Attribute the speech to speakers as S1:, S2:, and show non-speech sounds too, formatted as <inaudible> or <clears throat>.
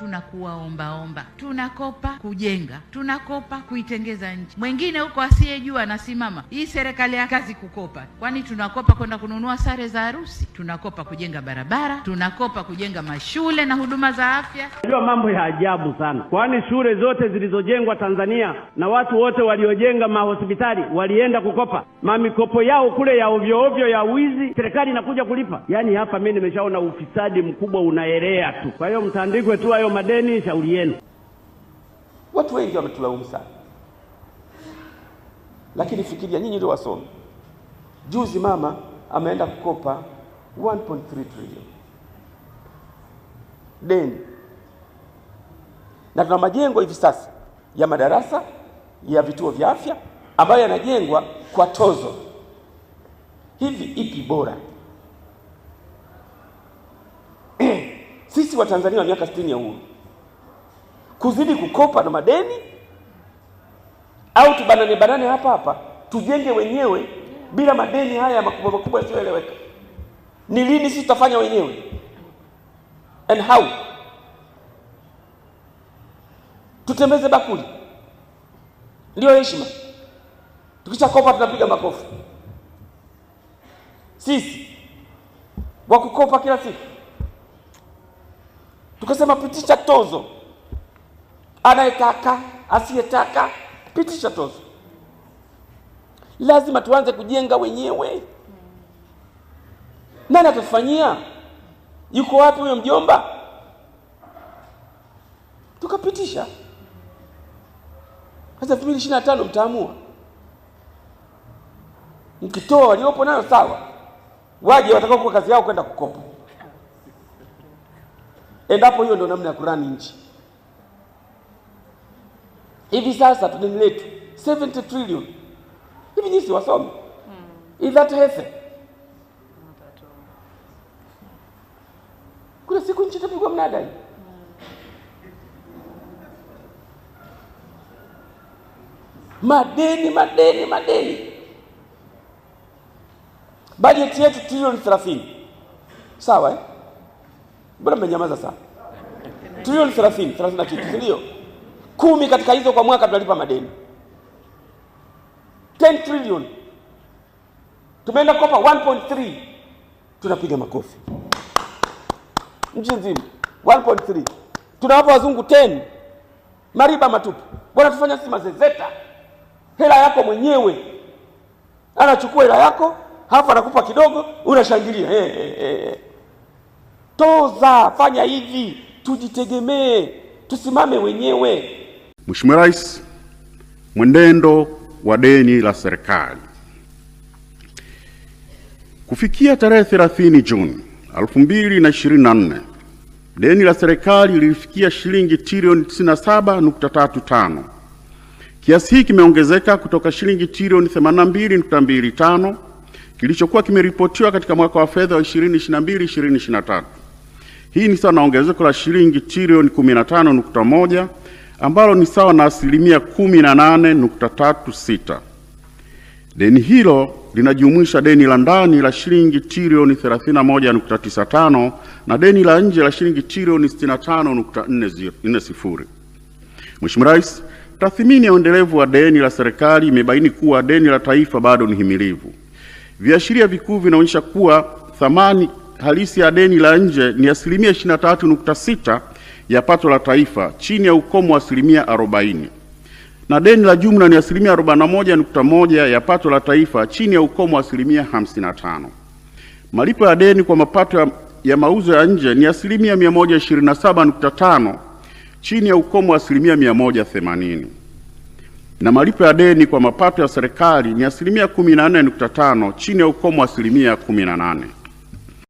S1: tunakuwa ombaomba, tunakopa kujenga, tunakopa kuitengeza nchi. Mwingine huko asiyejua anasimama, hii serikali ya kazi kukopa, kwani tunakopa kwenda kununua sare za harusi, tunakopa kujenga barabara, tunakopa kujenga mashule na huduma za afya.
S2: Najua mambo ya ajabu sana, kwani shule zote zilizojengwa Tanzania na watu wote waliojenga mahospitali walienda kukopa. Mamikopo yao kule ya ovyo ovyo ya wizi, serikali inakuja kulipa. Yaani hapa mimi nimeshaona ufisadi mkubwa unaelea tu. Kwa hiyo mtandikwe tu hayo hayo madeni, shauri yenu.
S3: Watu wengi wametulaumu sana, lakini fikiria nyinyi ndio wasomi. Juzi mama ameenda kukopa 1.3 trillion deni, na tuna majengo hivi sasa ya madarasa ya vituo vya afya ambayo yanajengwa kwa tozo. Hivi ipi bora? <clears throat> sisi Watanzania wa miaka 60 ya uhuru kuzidi kukopa na madeni au tubanane banane hapa hapa tujenge wenyewe bila madeni haya makubwa makubwa yasiyoeleweka? Ni lini sisi tutafanya wenyewe and how? Tutembeze bakuli, ndiyo heshima. Tukishakopa tunapiga makofi sisi, wakukopa kila siku tukasema pitisha tozo, anayetaka asiyetaka, pitisha tozo. Lazima tuanze kujenga wenyewe. Nani atatufanyia? Yuko wapi huyo mjomba? Tukapitisha. Sasa 2025 mtaamua, mkitoa waliopo nayo sawa, waje watakao kwa kazi yao kwenda kukopa endapo hiyo ndio namna ya kurani nchi. Hivi sasa deni letu 70 trillion, hivi nyinyi wasome Mm. Is that healthy? Kuna siku nchi tapigwa mnadani hmm. Madeni, madeni, madeni. Bajeti yetu trilioni 30 sawa eh? Mbona mmenyamaza sana? Trilioni 30, 30 na kitu, si ndio? Kumi katika hizo kwa mwaka tunalipa madeni 10 trilioni, tumeenda kopa 1.3, tunapiga makofi nchi nzima 1.3, tunawapa wazungu 10 mariba matupu. Bwana tufanya sisi mazezeta, hela yako mwenyewe anachukua hela yako, halafu anakupa kidogo, unashangilia hey, eh, eh, hey, eh, hey toza, fanya hivi, tujitegemee, tusimame wenyewe.
S4: Mheshimiwa Rais, mwenendo wa deni la serikali kufikia tarehe 30 Juni 2024 deni la serikali lilifikia shilingi trilioni 97.35. Kiasi hii kimeongezeka kutoka shilingi trilioni 82.25 kilichokuwa kimeripotiwa katika mwaka wa fedha wa 2022/2023. Hii ni sawa na ongezeko la shilingi trilioni 15.1 ambalo ni sawa na asilimia 18.36. Deni hilo linajumuisha deni la ndani la shilingi trilioni 31.95 na deni la nje la shilingi trilioni 65.40. Mheshimiwa Rais, tathmini ya uendelevu wa deni la serikali imebaini kuwa deni la taifa bado ni himilivu. Viashiria vikuu vinaonyesha kuwa thamani halisi ya deni la nje ni asilimia 23.6 ya pato la taifa chini ya ukomo wa asilimia 40 na deni la jumla ni asilimia 41.1 ya pato la taifa chini ya ukomo wa asilimia 55. Malipo ya deni kwa mapato ya, ya mauzo ya nje ni asilimia 127.5 chini ya ukomo wa asilimia 180 na malipo ya deni kwa mapato ya serikali ni asilimia 14.5 chini ya ukomo wa asilimia 18.